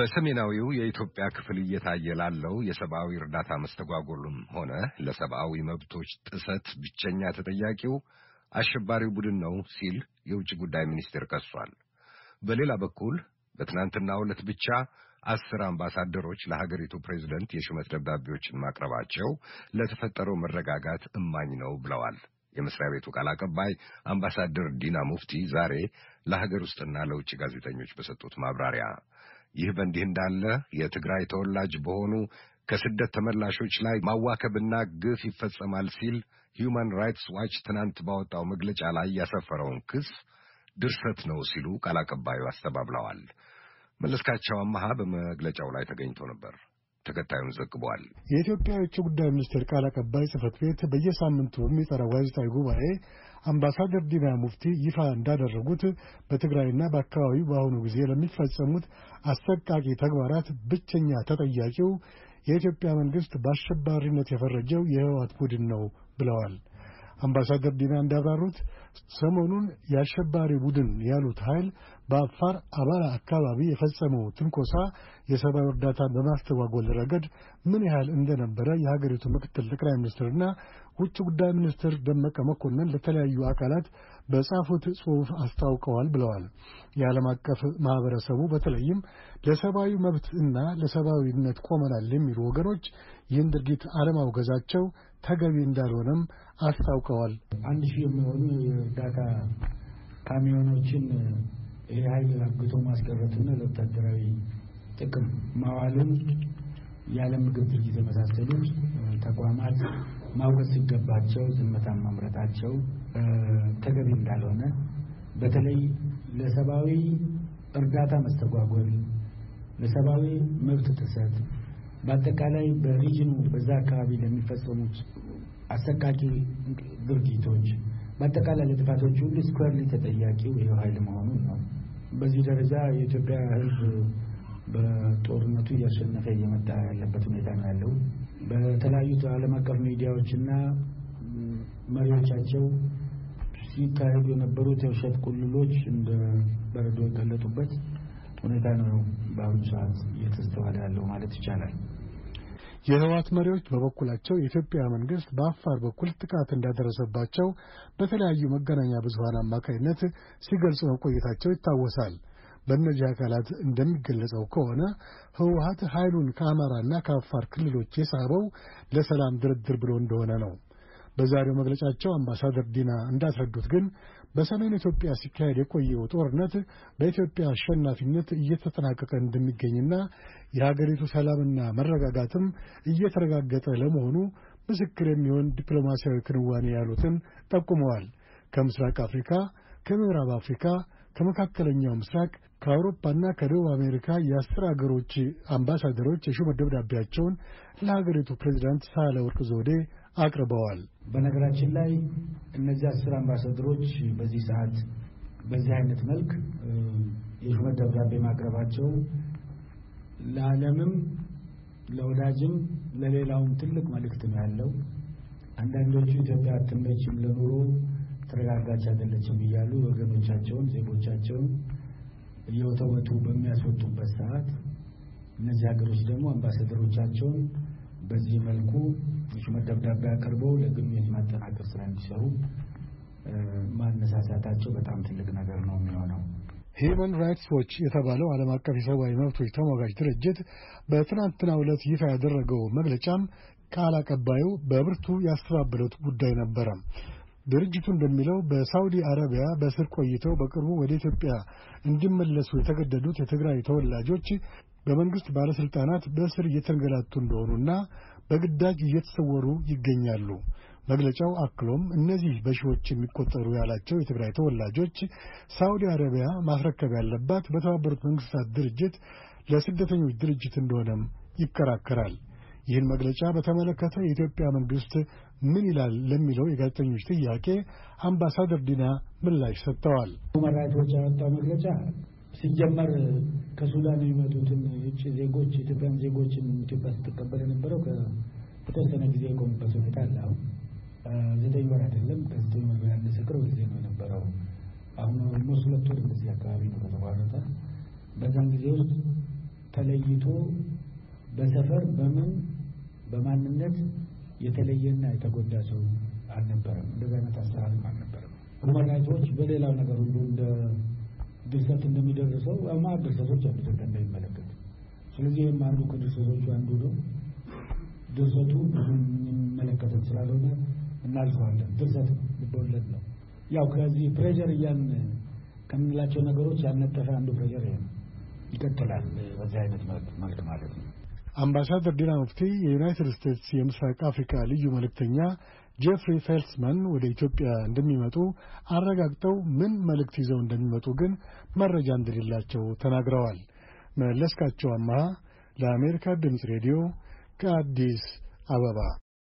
በሰሜናዊው የኢትዮጵያ ክፍል እየታየ ላለው የሰብአዊ እርዳታ መስተጓጎሉም ሆነ ለሰብአዊ መብቶች ጥሰት ብቸኛ ተጠያቂው አሸባሪው ቡድን ነው ሲል የውጭ ጉዳይ ሚኒስቴር ከሷል። በሌላ በኩል በትናንትናው ዕለት ብቻ አስር አምባሳደሮች ለሀገሪቱ ፕሬዚደንት የሹመት ደብዳቤዎችን ማቅረባቸው ለተፈጠረው መረጋጋት እማኝ ነው ብለዋል። የመስሪያ ቤቱ ቃል አቀባይ አምባሳደር ዲና ሙፍቲ ዛሬ ለሀገር ውስጥና ለውጭ ጋዜጠኞች በሰጡት ማብራሪያ ይህ በእንዲህ እንዳለ የትግራይ ተወላጅ በሆኑ ከስደት ተመላሾች ላይ ማዋከብና ግፍ ይፈጸማል ሲል ሂዩማን ራይትስ ዋች ትናንት ባወጣው መግለጫ ላይ ያሰፈረውን ክስ ድርሰት ነው ሲሉ ቃል አቀባዩ አስተባብለዋል። መለስካቸው አማሃ በመግለጫው ላይ ተገኝቶ ነበር። ተከታዩን ዘግቧል። የኢትዮጵያ የውጭ ጉዳይ ሚኒስቴር ቃል አቀባይ ጽህፈት ቤት በየሳምንቱ በሚጠራው ጋዜጣዊ ጉባኤ አምባሳደር ዲና ሙፍቲ ይፋ እንዳደረጉት በትግራይና በአካባቢው በአሁኑ ጊዜ ለሚፈጸሙት አሰቃቂ ተግባራት ብቸኛ ተጠያቂው የኢትዮጵያ መንግስት በአሸባሪነት የፈረጀው የህወሓት ቡድን ነው ብለዋል። አምባሳደር ዲና እንዳብራሩት ሰሞኑን የአሸባሪ ቡድን ያሉት ኃይል በአፋር አባላ አካባቢ የፈጸመው ትንኮሳ የሰብአዊ እርዳታ በማስተጓጎል ረገድ ምን ያህል እንደነበረ የሀገሪቱ ምክትል ጠቅላይ ሚኒስትርና ውጭ ጉዳይ ሚኒስትር ደመቀ መኮንን ለተለያዩ አካላት በጻፉት ጽሑፍ አስታውቀዋል ብለዋል። የዓለም አቀፍ ማኅበረሰቡ በተለይም ለሰብአዊ መብት እና ለሰብአዊነት ቆመናል የሚሉ ወገኖች ይህን ድርጊት አለማውገዛቸው ተገቢ እንዳልሆነም አስታውቀዋል። አንድ ሺህ የሚሆኑ የእርዳታ ካሚዮኖችን ይህ ኃይል አግቶ ማስቀረትና ለወታደራዊ ጥቅም ማዋሉን ያለ ምግብ ድርጅት የመሳሰሉ ተቋማት ማውገዝ ሲገባቸው ዝምታን ማምረታቸው ተገቢ እንዳልሆነ በተለይ ለሰብአዊ እርዳታ መስተጓጎል፣ ለሰብአዊ መብት ጥሰት በአጠቃላይ በሪጅኑ በዛ አካባቢ ለሚፈጸሙት አሰቃቂ ድርጊቶች በአጠቃላይ ለጥፋቶች ሁሉ ስኩዌርሊ ተጠያቂው ይህ ኃይል መሆኑን ነው። በዚህ ደረጃ የኢትዮጵያ ሕዝብ በጦርነቱ እያሸነፈ እየመጣ ያለበት ሁኔታ ነው ያለው። በተለያዩ ዓለም አቀፍ ሚዲያዎችና መሪዎቻቸው ሲካሄዱ የነበሩት የውሸት ቁልሎች እንደ በረዶ የገለጡበት ሁኔታ ነው በአሁኑ ሰዓት እየተስተዋለ ያለው ማለት ይቻላል። የህወሓት መሪዎች በበኩላቸው የኢትዮጵያ መንግስት በአፋር በኩል ጥቃት እንዳደረሰባቸው በተለያዩ መገናኛ ብዙሃን አማካኝነት ሲገልጹ መቆየታቸው ይታወሳል። በእነዚህ አካላት እንደሚገለጸው ከሆነ ህወሓት ኃይሉን ከአማራና ከአፋር ክልሎች የሳበው ለሰላም ድርድር ብሎ እንደሆነ ነው። በዛሬው መግለጫቸው አምባሳደር ዲና እንዳስረዱት ግን በሰሜን ኢትዮጵያ ሲካሄድ የቆየው ጦርነት በኢትዮጵያ አሸናፊነት እየተጠናቀቀ እንደሚገኝና የሀገሪቱ ሰላምና መረጋጋትም እየተረጋገጠ ለመሆኑ ምስክር የሚሆን ዲፕሎማሲያዊ ክንዋኔ ያሉትን ጠቁመዋል። ከምስራቅ አፍሪካ፣ ከምዕራብ አፍሪካ፣ ከመካከለኛው ምስራቅ፣ ከአውሮፓና ከደቡብ አሜሪካ የአስር አገሮች አምባሳደሮች የሹመት ደብዳቤያቸውን ለሀገሪቱ ፕሬዚዳንት ሳህለወርቅ ዘውዴ አቅርበዋል። በነገራችን ላይ እነዚህ አስር አምባሳደሮች በዚህ ሰዓት በዚህ አይነት መልክ የሹመት ደብዳቤ ማቅረባቸው ለዓለምም ለወዳጅም ለሌላውም ትልቅ መልእክት ነው ያለው። አንዳንዶቹ ኢትዮጵያ አትመችም፣ ለኑሮ ተረጋጋች አይደለችም እያሉ ወገኖቻቸውን ዜጎቻቸውን እየወተወቱ በሚያስወጡበት ሰዓት እነዚህ ሀገሮች ደግሞ አምባሳደሮቻቸውን በዚህ መልኩ የሹመት ደብዳቤ አቅርበው ለግንኙነት ማጠናከር ስራ እንዲሰሩ ማነሳሳታቸው በጣም ትልቅ ነገር ነው የሚሆነው። ሂዩማን ራይትስ ዎች የተባለው ዓለም አቀፍ የሰብአዊ መብቶች ተሟጋች ድርጅት በትናንትናው ዕለት ይፋ ያደረገው መግለጫም ቃል አቀባዩ በብርቱ ያስተባበሉት ጉዳይ ነበረ። ድርጅቱ እንደሚለው በሳውዲ አረቢያ በእስር ቆይተው በቅርቡ ወደ ኢትዮጵያ እንዲመለሱ የተገደዱት የትግራይ ተወላጆች በመንግሥት ባለሥልጣናት በእስር እየተንገላቱ እንደሆኑና በግዳጅ እየተሰወሩ ይገኛሉ። መግለጫው አክሎም እነዚህ በሺዎች የሚቆጠሩ ያላቸው የትግራይ ተወላጆች ሳውዲ አረቢያ ማስረከብ ያለባት በተባበሩት መንግሥታት ድርጅት ለስደተኞች ድርጅት እንደሆነም ይከራከራል። ይህን መግለጫ በተመለከተ የኢትዮጵያ መንግስት ምን ይላል ለሚለው የጋዜጠኞች ጥያቄ አምባሳደር ዲና ምላሽ ሰጥተዋል። ሁማን ራይትስ ዎች ያወጣው መግለጫ ሲጀመር ከሱዳን የሚመጡትን የውጭ ዜጎች ኢትዮጵያን ዜጎችን ኢትዮጵያ ስትቀበል የነበረው ከተወሰነ ጊዜ የቆሙበት ሁኔታ አለ። አሁን ዘጠኝ ወር አይደለም ከዘጠኝ ወር ያነሰ ቅርብ ጊዜ ነው የነበረው። አሁን ኦልሞስት ሁለት ወር እንደዚህ አካባቢ ነው ከተቋረጠ። በዛን ጊዜ ውስጥ ተለይቶ በሰፈር በምን በማንነት የተለየና የተጎዳ ሰው አልነበረም። እንደዚህ አይነት አሰራርም አልነበረም። ሁመራይቶች በሌላው ነገር ሁሉ እንደ ድርሰት እንደሚደርሰው ማ ድርሰቶች አሉ ኢትዮጵያ እንደሚመለከት። ስለዚህ ይህም አንዱ ከድርሰቶቹ አንዱ ነው። ድርሰቱ ብዙም የሚመለከተን ስላልሆነ እናልፈዋለን። ድርሰት ነው፣ ነው። ያው ከዚህ ፕሬዠር እያን ከምንላቸው ነገሮች ያነጠፈ አንዱ ፕሬዠር ይሄ ነው። ይቀጥላል በዚህ አይነት መልክ ማለት ነው። አምባሳደር ዲና ሙፍቲ የዩናይትድ ስቴትስ የምስራቅ አፍሪካ ልዩ መልእክተኛ ጄፍሪ ፌልስመን ወደ ኢትዮጵያ እንደሚመጡ አረጋግጠው ምን መልእክት ይዘው እንደሚመጡ ግን መረጃ እንደሌላቸው ተናግረዋል። መለስካቸው አማሃ ለአሜሪካ ድምፅ ሬዲዮ ከአዲስ አበባ